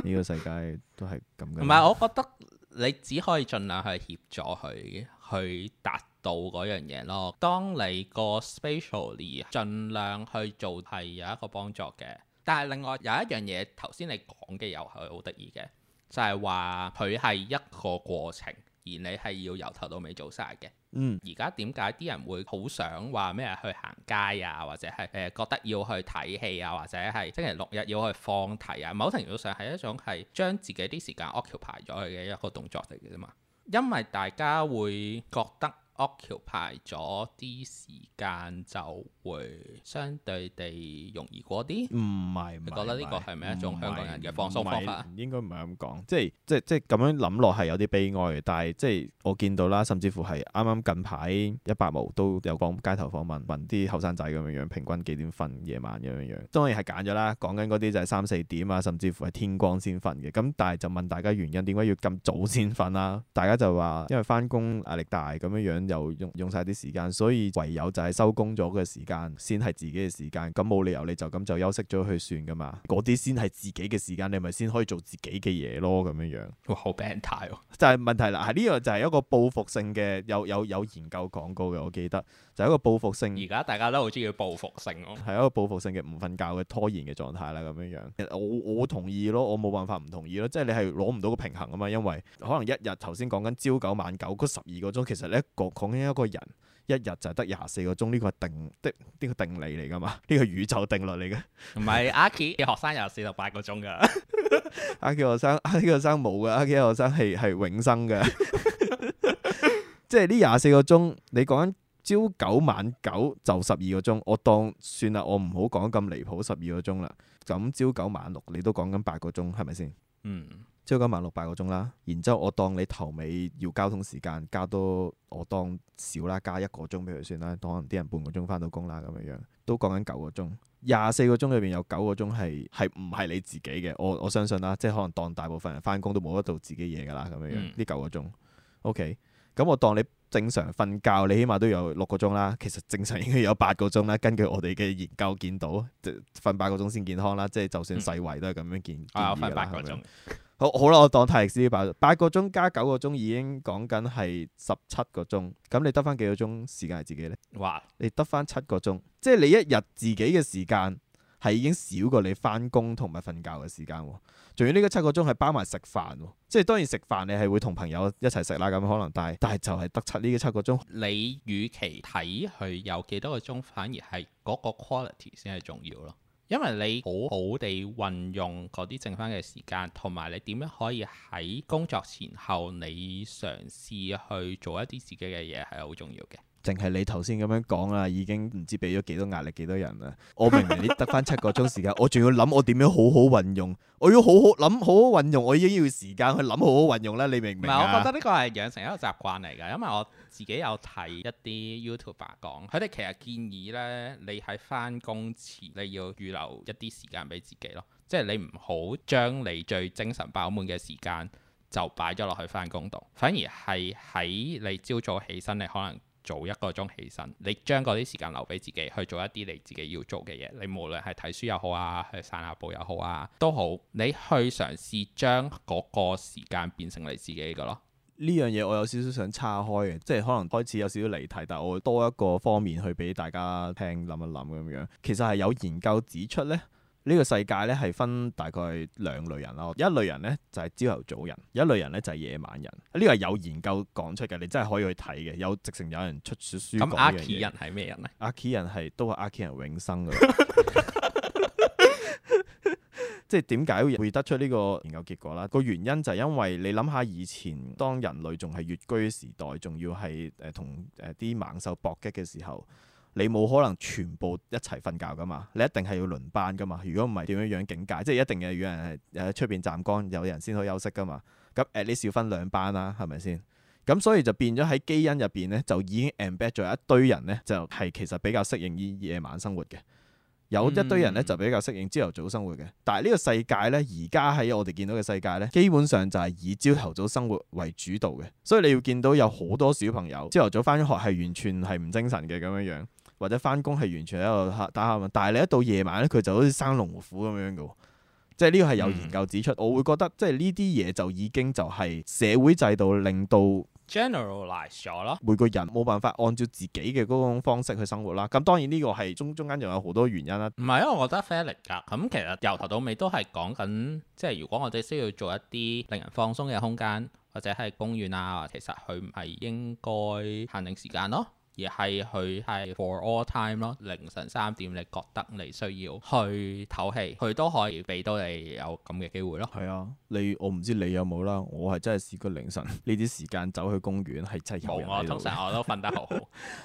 呢 個世界都係咁嘅。唔係，我覺得你只可以盡量去協助佢，去達到嗰樣嘢咯。當你個 specially 盡量去做係有一個幫助嘅。但係另外有一樣嘢，頭先你講嘅又係好得意嘅，就係話佢係一個過程。而你係要由頭到尾做晒嘅，嗯，而家點解啲人會好想話咩去行街啊，或者係誒覺得要去睇戲啊，或者係星期六日要去放題啊？某程度上係一種係將自己啲時間 occupy 咗去嘅一個動作嚟嘅啫嘛，因為大家會覺得。Occupy 咗啲時間就會相對地容易過啲，唔係。你覺得呢個係咪一種香港人嘅放鬆方法？應該唔係咁講，即係即係即係咁樣諗落係有啲悲哀嘅。但係即係我見到啦，甚至乎係啱啱近排一百毛都有個街頭訪問問啲後生仔咁樣樣，平均幾點瞓夜晚咁樣樣。當然係揀咗啦，講緊嗰啲就係三四點啊，甚至乎係天光先瞓嘅。咁但係就問大家原因點解要咁早先瞓啦？大家就話因為返工壓力大咁樣樣。就用用曬啲時間，所以唯有就係收工咗嘅時間先係自己嘅時間，咁冇理由你就咁就休息咗去算噶嘛？嗰啲先係自己嘅時間，你咪先可以做自己嘅嘢咯，咁樣樣，好病態喎！哦、就係問題啦，喺呢個就係一個報復性嘅，有有有研究講過嘅，我記得。就係一個報復性，而家大家都好中意報復性咯，係一個報復性嘅唔瞓覺嘅拖延嘅狀態啦，咁樣樣。我我同意咯，我冇辦法唔同意咯，即係你係攞唔到個平衡啊嘛，因為可能一日頭先講緊朝九晚九嗰十二個鐘，其實咧講講緊一個人一日就得廿四個鐘，呢、這個定的呢、這個定理嚟噶嘛，呢、這個宇宙定律嚟嘅。唔 係阿 Key 嘅學生有四十八個鐘噶 阿 Key 學生阿 Key 學生冇噶，阿 Key 學生係係永生嘅，即係呢廿四個鐘你講緊。朝九晚九就十二個鐘，我當算啦，我唔好講咁離譜，十二個鐘啦。咁朝九晚六，你都講緊八個鐘，係咪先？嗯。朝九晚六八個鐘啦，然之後我當你頭尾要交通時間加多，我當少啦，加一個鐘俾佢算啦，當可能啲人半個鐘翻到工啦咁樣樣，都講緊九個鐘，廿四個鐘裏邊有九個鐘係係唔係你自己嘅，我我相信啦，即係可能當大部分人翻工都冇得到自己嘢噶啦咁樣樣，呢、嗯、九個鐘。OK，咁我當你。正常瞓覺你起碼都有六個鐘啦，其實正常應該有八個鐘啦。根據我哋嘅研究見到，瞓、呃、八個鐘先健康啦。嗯、即係就算世衛都係咁樣建、啊、建議啦，瞓八個鐘， 好好啦，我當泰力斯八八個鐘加九個鐘已經講緊係十七個鐘。咁你得返幾多鐘時，時間係自己咧？哇！你得返七個鐘，即係你一日自己嘅時間。係已經少過你翻工同埋瞓覺嘅時間喎，仲要呢個七個鐘係包埋食飯，即係當然食飯你係會同朋友一齊食啦，咁可能，但係但係就係得出呢個七個鐘。你與其睇佢有幾多個鐘，反而係嗰個 quality 先係重要咯。因為你好好地運用嗰啲剩翻嘅時間，同埋你點樣可以喺工作前後，你嘗試去做一啲自己嘅嘢係好重要嘅。淨係你頭先咁樣講啦，已經唔知俾咗幾多壓力幾多人啦。我明明你得翻七個鐘時間， 我仲要諗我點樣好好運用，我要好好諗，好好運用，我已經要時間去諗，好好運用啦。你明唔明、啊？我覺得呢個係養成一個習慣嚟噶，因為我自己有睇一啲 YouTuber 講，佢哋其實建議呢：你喺翻工前你要預留一啲時間俾自己咯，即、就、係、是、你唔好將你最精神飽滿嘅時間就擺咗落去翻工度，反而係喺你朝早起身，你可能。早一個鐘起身，你將嗰啲時間留俾自己去做一啲你自己要做嘅嘢。你無論係睇書又好啊，去散下步又好啊，都好。你去嘗試將嗰個時間變成你自己嘅咯。呢樣嘢我有少少想岔開嘅，即係可能開始有少少離題，但係我會多一個方面去俾大家聽諗一諗咁樣。其實係有研究指出呢。呢個世界咧，係分大概兩類人咯，一類人咧就係朝頭早人，一類人咧就係夜晚人。呢、這個係有研究講出嘅，你真係可以去睇嘅。有直情有人出書書講嘅嘢。咁阿 k 人係咩人呢？阿 k 人係都係阿 k 人永生嘅。 即係點解會得出呢個研究結果啦？個原因就係因為你諗下以前當人類仲係穴居時代，仲要係誒同誒啲猛獸搏擊嘅時候。你冇可能全部一齊瞓覺噶嘛？你一定係要輪班噶嘛？如果唔係點樣樣警戒？即係一定要有人係喺出邊站崗，有人先可以休息噶嘛？咁 at least 要分兩班啦，係咪先？咁所以就變咗喺基因入邊咧，就已經 embed 咗一堆人咧，就係、是、其實比較適應於夜晚生活嘅；有一堆人咧就比較適應朝頭早生活嘅。但係呢個世界咧，而家喺我哋見到嘅世界咧，基本上就係以朝頭早生活為主導嘅。所以你要見到有好多小朋友朝頭早返咗學係完全係唔精神嘅咁樣樣。或者翻工係完全喺度打下嘛，但係你一到夜晚咧，佢就好似生龍活虎咁樣嘅，即係呢個係有研究指出。嗯、我會覺得即係呢啲嘢就已經就係社會制度令到 generalize 咗咯，每個人冇辦法按照自己嘅嗰種方式去生活啦。咁當然呢個係中中間仲有好多原因啦。唔係啊，我覺得 fairly 㗎。咁其實由頭到尾都係講緊，即係如果我哋需要做一啲令人放鬆嘅空間，或者係公園啊，其實佢唔係應該限定時間咯。而係佢係 for all time 咯，凌晨三點你覺得你需要去唞氣，佢都可以俾到你有咁嘅機會咯。係啊，你我唔知你有冇啦，我係真係試過凌晨呢啲時間走去公園係真係冇。我、啊、通常我都瞓得好好，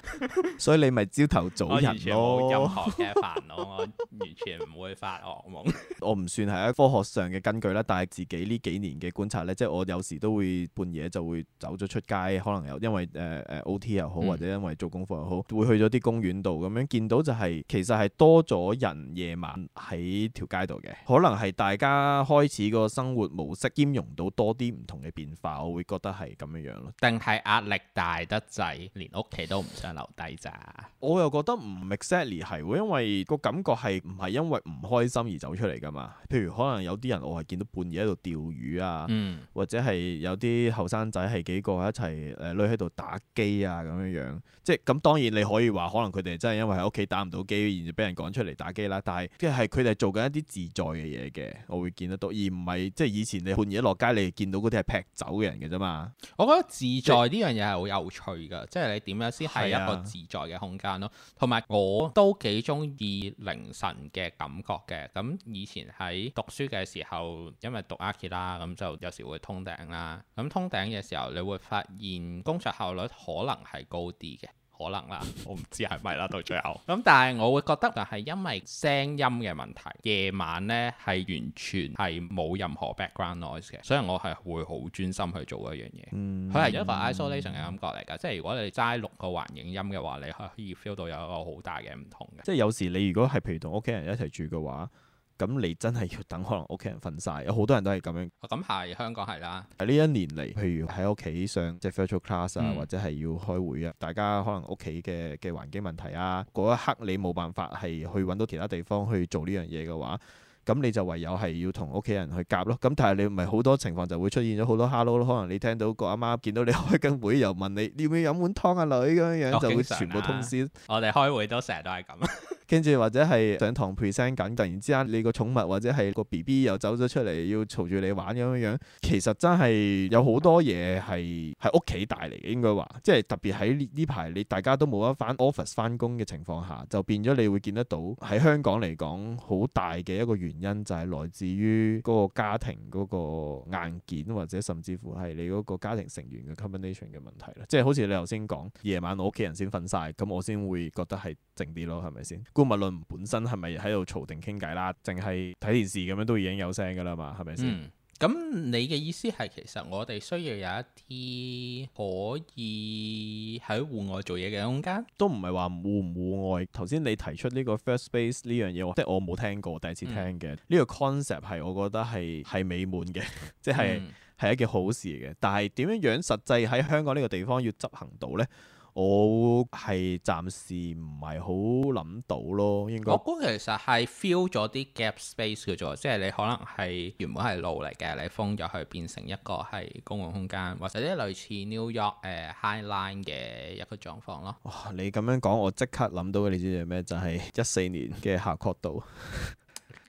所以你咪朝頭早人咯。我完全冇任何嘅煩惱，我完全唔 會發噩夢。 我唔算係喺科學上嘅根據啦，但係自己呢幾年嘅觀察咧，即、就、係、是、我有時都會半夜就會走咗出街，可能有因為誒誒、呃呃呃、OT 又好，或者因為。 做功課又好，會去咗啲公園度咁樣，見到就係、是，其實係多咗人夜晚喺條街度嘅，可能係大家開始個生活模式兼容到多啲唔同嘅變化，我會覺得係咁樣樣咯。定係壓力大得滯，連屋企都唔想留低咋？ 我又覺得唔 exactly 係會因為個感覺係唔係因為唔開心而走出嚟噶嘛。譬如可能有啲人我係見到半夜喺度釣魚啊，嗯、或者係有啲後生仔係幾個一齊誒女喺度打機啊咁樣樣。即係咁，當然你可以話，可能佢哋真係因為喺屋企打唔到機，然後俾人趕出嚟打機啦。但係即係佢哋做緊一啲自在嘅嘢嘅，我會見得到。而唔係即係以前你半夜落街你見到嗰啲係劈酒嘅人嘅啫嘛。我覺得自在呢即樣嘢係好有趣噶，即係你點樣先係一個自在嘅空間咯。同埋是、啊、我都幾中意凌晨嘅感覺嘅。咁以前喺讀書嘅時候，因為讀 archi 啦，咁就有時會通頂啦。咁通頂嘅時候，你會發現工作效率可能係高啲嘅。 可能啦，我唔知係咪啦，到最後。咁、 嗯、但係我會覺得，但係因為聲音嘅問題，夜晚呢係完全係冇任何 background noise 嘅，所以我係會好專心去做一樣嘢。佢係、嗯、一個 isolation 嘅感覺嚟噶，即係如果你齋錄個環境音嘅話，你可以 feel 到有一個好大嘅唔同嘅。即係有時你如果係譬如同屋企人一齊住嘅話。咁你真係要等可能屋企人瞓晒，有好多人都係咁樣。咁係、啊、香港係啦。喺呢一年嚟，譬如喺屋企上即係 virtual class 啊，嗯、或者係要開會啊，大家可能屋企嘅嘅環境問題啊，嗰一刻你冇辦法係去揾到其他地方去做呢樣嘢嘅話，咁你就唯有係要同屋企人去夾咯。咁但係你咪好多情況就會出現咗好多 hello 咯、啊。可能你聽到個阿媽，媽見到你開緊會又問你， 你要唔要飲碗湯啊女咁樣、啊，就會全部通宵。 我哋開會都成日都係咁。 跟住或者係上堂 present 緊突然之間你個寵物或者係個 B B 又走咗出嚟，要嘈住你玩咁樣樣，其實真係有好多嘢係喺屋企帶嚟嘅，應該話，即係特別喺呢排你大家都冇得返 office 返工嘅情況下，就變咗你會見得到喺香港嚟講好大嘅一個原因，就係來自於嗰個家庭嗰個硬件或者甚至乎係你嗰個家庭成員嘅 combination 嘅問題啦。即係好似你頭先講夜晚我屋企人先瞓晒，咁我先會覺得係。靜啲咯，係咪先？顧物論本身係咪喺度嘈定傾偈啦？淨係睇電視咁樣都已經有聲噶啦嘛，係咪先？咁、嗯、你嘅意思係其實我哋需要有一啲可以喺戶外做嘢嘅空間。都唔係話戶唔戶外。頭先你提出呢個 first space 呢樣嘢，即係我冇聽過，第一次聽嘅呢、嗯、個 concept 係我覺得係係美滿嘅，即係係、嗯、一件好事嘅。但係點樣樣實際喺香港呢個地方要執行到呢？我係暫時唔係好諗到咯，應該我估其實係 fill 咗啲 gap space 嘅啫，即係你可能係原本係路嚟嘅，你封咗佢變成一個係公共空間，或者啲類似 New York 誒、呃、High Line 嘅一個狀況咯。哇、哦！你咁樣講，我即刻諗到嘅你知道咩？就係一四年嘅夏慤道咁嗰、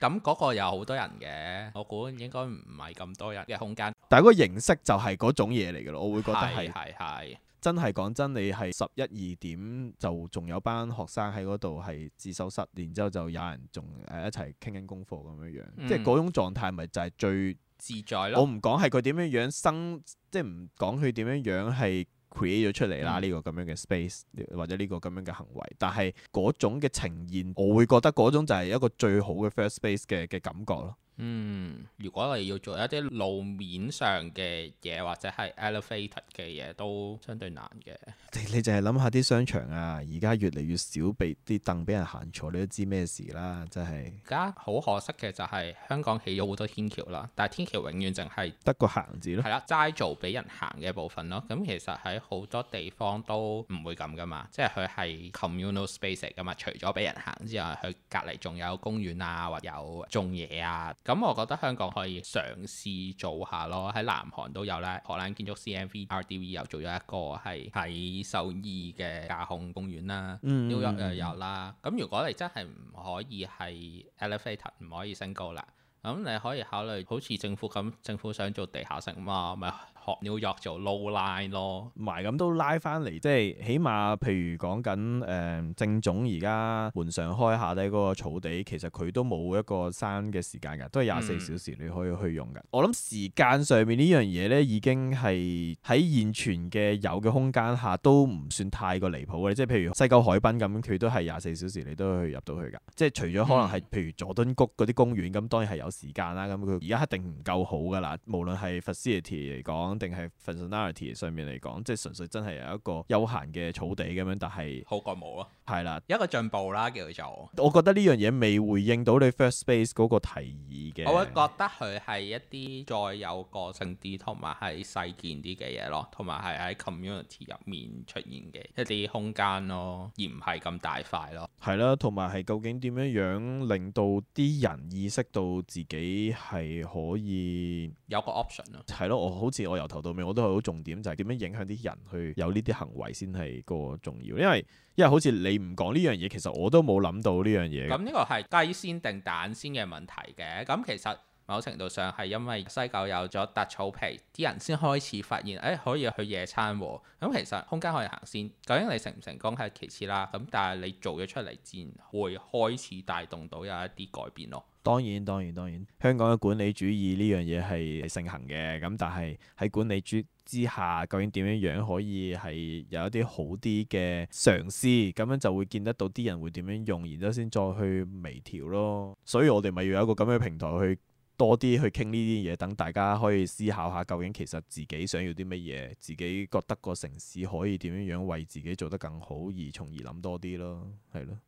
嗯嗰個有好多人嘅，我估應該唔係咁多人嘅空間。但係嗰個形式就係嗰種嘢嚟嘅咯，我會覺得係係係。真係講真，你係十一二點就仲有班學生喺嗰度係自修室，然之後就有人仲誒一齊傾緊功課咁樣樣，即係嗰種狀態咪就係最自在咯。嗯、我唔講係佢點樣樣生，嗯、即係唔講佢點樣、嗯、樣樣係 create 咗出嚟啦。呢個咁樣嘅 space 或者呢個咁樣嘅行為，但係嗰種嘅呈現，我會覺得嗰種就係一個最好嘅 first space 嘅嘅感覺咯。嗯，如果你要做一啲路面上嘅嘢，或者係 elevated 嘅嘢，都相對難嘅。你你淨係諗下啲商場啊，而家越嚟越少俾啲凳俾人行坐，你都知咩事啦，真係。而家好可惜嘅就係、是、香港起咗好多天橋啦，但係天橋永遠淨係得個行字咯。係啦，齋做俾人行嘅部分咯。咁其實喺好多地方都唔會咁噶嘛，即係佢係 communal space 噶嘛，除咗俾人行之外，佢隔離仲有公園啊，或者有種嘢啊。咁我覺得香港可以嘗試做下咯，喺南韓都有啦，荷蘭建築 C M V R D V 又做咗一個係喺首爾嘅架空公園啦，New York 又有啦。咁如果你真係唔可以係 elevator 唔可以升高啦，咁你可以考慮好似政府咁，政府想做地下城嘛，咪～學 New York 做 low line 咯，唔係咁都拉翻嚟，即係起碼譬如講緊誒正總而家門上開下底嗰個草地，其實佢都冇一個閂嘅時間㗎，都係廿四小時你可以去用㗎。嗯、我諗時間上面呢樣嘢咧，已經係喺現存嘅有嘅空間下都唔算太過離譜嘅，即係譬如西九海濱咁，佢都係廿四小時你都可以去入到去㗎。即係除咗可能係、嗯、譬如佐敦谷嗰啲公園咁，當然係有時間啦。咁佢而家一定唔夠好㗎啦，無論係 facility 嚟講。定係 personality 上面嚟講，即係純粹真係有一個休閒嘅草地咁樣，但係好過冇咯。係啦，一個進步啦叫做。我覺得呢樣嘢未回應到你 first space 嗰個提議嘅。我會覺得佢係一啲再有個性啲，同埋係細件啲嘅嘢咯，同埋係喺 community 入面出現嘅一啲空間咯，而唔係咁大塊咯。係啦，同埋係究竟點樣樣令到啲人意識到自己係可以有個 option 咯。係咯，我好似我。由頭到尾我都係好重點，就係點樣影響啲人去有呢啲行為先係個重要，因為因為好似你唔講呢樣嘢，其實我都冇諗到呢樣嘢。咁呢、嗯這個係雞先定蛋先嘅問題嘅。咁、嗯、其實某程度上係因為西九有咗揼草皮，啲人先開始發現，誒、哎、可以去野餐。咁、嗯、其實空間可以行先，究竟你成唔成功係其次啦。咁、嗯、但係你做咗出嚟，自然會開始帶動到有一啲改變咯。當然當然當然，香港嘅管理主義呢樣嘢係盛行嘅。咁但係喺管理之下，究竟點樣樣可以係有一啲好啲嘅嘗試，咁樣就會見得到啲人會點樣用，然之後先再去微調咯。所以我哋咪要有一個咁嘅平台去多啲去傾呢啲嘢，等大家可以思考下究竟其實自己想要啲乜嘢，自己覺得個城市可以點樣樣為自己做得更好，而從而諗多啲咯，係咯。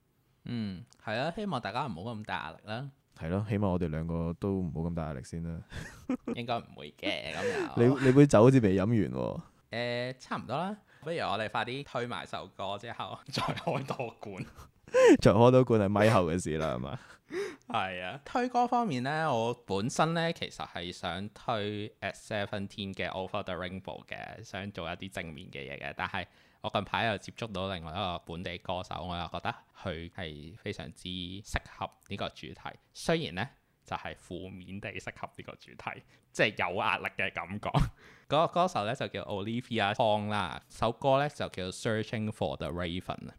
嗯，係啊，希望大家唔好咁大壓力啦。係咯，起碼我哋兩個都唔好咁大壓力先啦。應該唔會嘅咁又。 你你杯酒好似未飲完喎、哦呃。差唔多啦。不如我哋快啲推埋首歌之後再開多罐。 再開多罐係咪後嘅事啦？係嘛 吧。係 啊，推歌方面咧，我本身咧其實係想推 At Seventeen 嘅 Over the Rainbow 嘅，想做一啲正面嘅嘢嘅，但係。我近排又接觸到另外一個本地歌手，我又覺得佢係非常之適合呢個主題，雖然呢就係、是、負面地適合呢個主題，即係有壓力嘅感覺。嗰 個歌手呢就叫 Olivier Cong 啦，首歌呢就叫《Searching For The Raven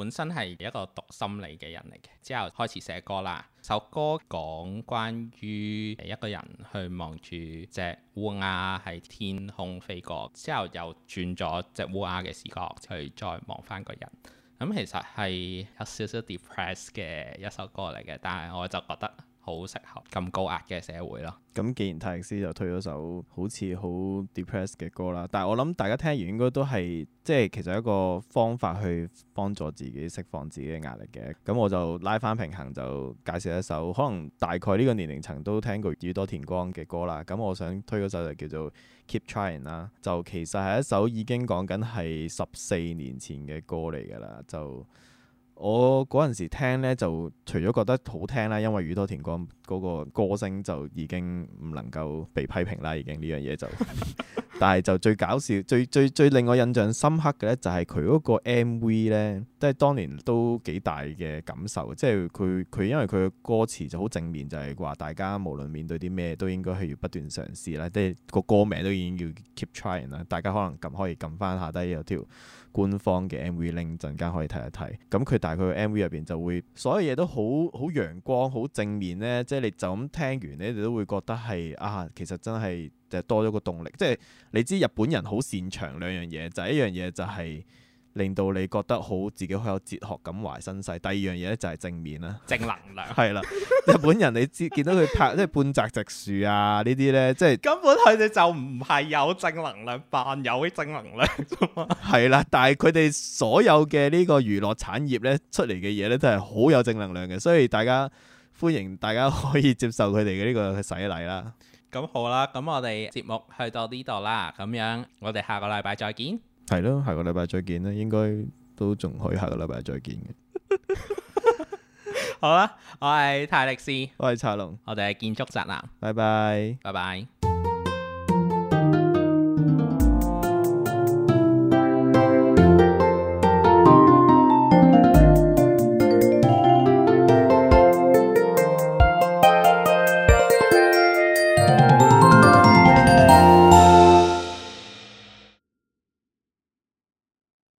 本身係一個讀心理嘅人嚟嘅，之後開始寫歌啦。首歌講關於一個人去望住隻烏鴉喺天空飛過，之後又轉咗隻烏鴉嘅視角去再望翻個人。咁、嗯、其實係有少少 depress 嘅一首歌嚟嘅，但係我就覺得，好適合咁高壓嘅社會咯。咁既然泰勒斯就推咗首好似好 depressed 嘅歌啦，但係我諗大家聽完應該都係即係其實一個方法去幫助自己釋放自己嘅壓力嘅。咁我就拉翻平衡就介紹一首，可能大概呢個年齡層都聽過宇多田光嘅歌啦。咁我想推嗰首就叫做《Keep Tryin'》啦，就其實係一首已經講緊係十四年前嘅歌嚟㗎啦。就我嗰陣時聽咧，就除咗覺得好聽啦，因為宇多田光。嗰個歌星就已經唔能夠被批評啦，已經呢樣嘢就， 但係就最搞笑、最最最令我印象深刻嘅咧，就係佢嗰個 MV 咧，即係當年都幾大嘅感受，即係佢佢因為佢嘅歌詞就好正面，就係話大家無論面對啲咩都應該係要不斷嘗試啦，即係個歌名都已經要 keep trying 啦。大家可能撳可以撳翻下低有條官方嘅 MV，等陣間可以睇一睇。咁佢大概嘅 MV 入邊就會所有嘢都好好陽光、好正面咧，即係。你就咁聽完咧，你都會覺得係啊，其實真係就係多咗個動力。即係你知日本人好擅長兩樣嘢，就係、是、一樣嘢就係令到你覺得好自己好有哲學感懷身世。第二樣嘢咧就係正面啦，正能量係啦。 的 日本人你見見到佢拍即係、就是、半澤直樹啊呢啲咧，即係根本佢哋就唔係有正能量扮有啲正能量。係啦，但係佢哋所有嘅呢個娛樂產業咧出嚟嘅嘢咧都係好有正能量嘅， 所以大家。歡迎大家可以接受佢哋嘅呢個洗禮啦。咁、嗯、好啦，咁我哋節目去到呢度啦，咁樣我哋下個禮拜再見。係咯，下個禮拜再見啦，應該都仲可以下個禮拜再見嘅。 好啦，我係泰力斯，我係查龍，我哋係建築宅男，拜拜，拜拜。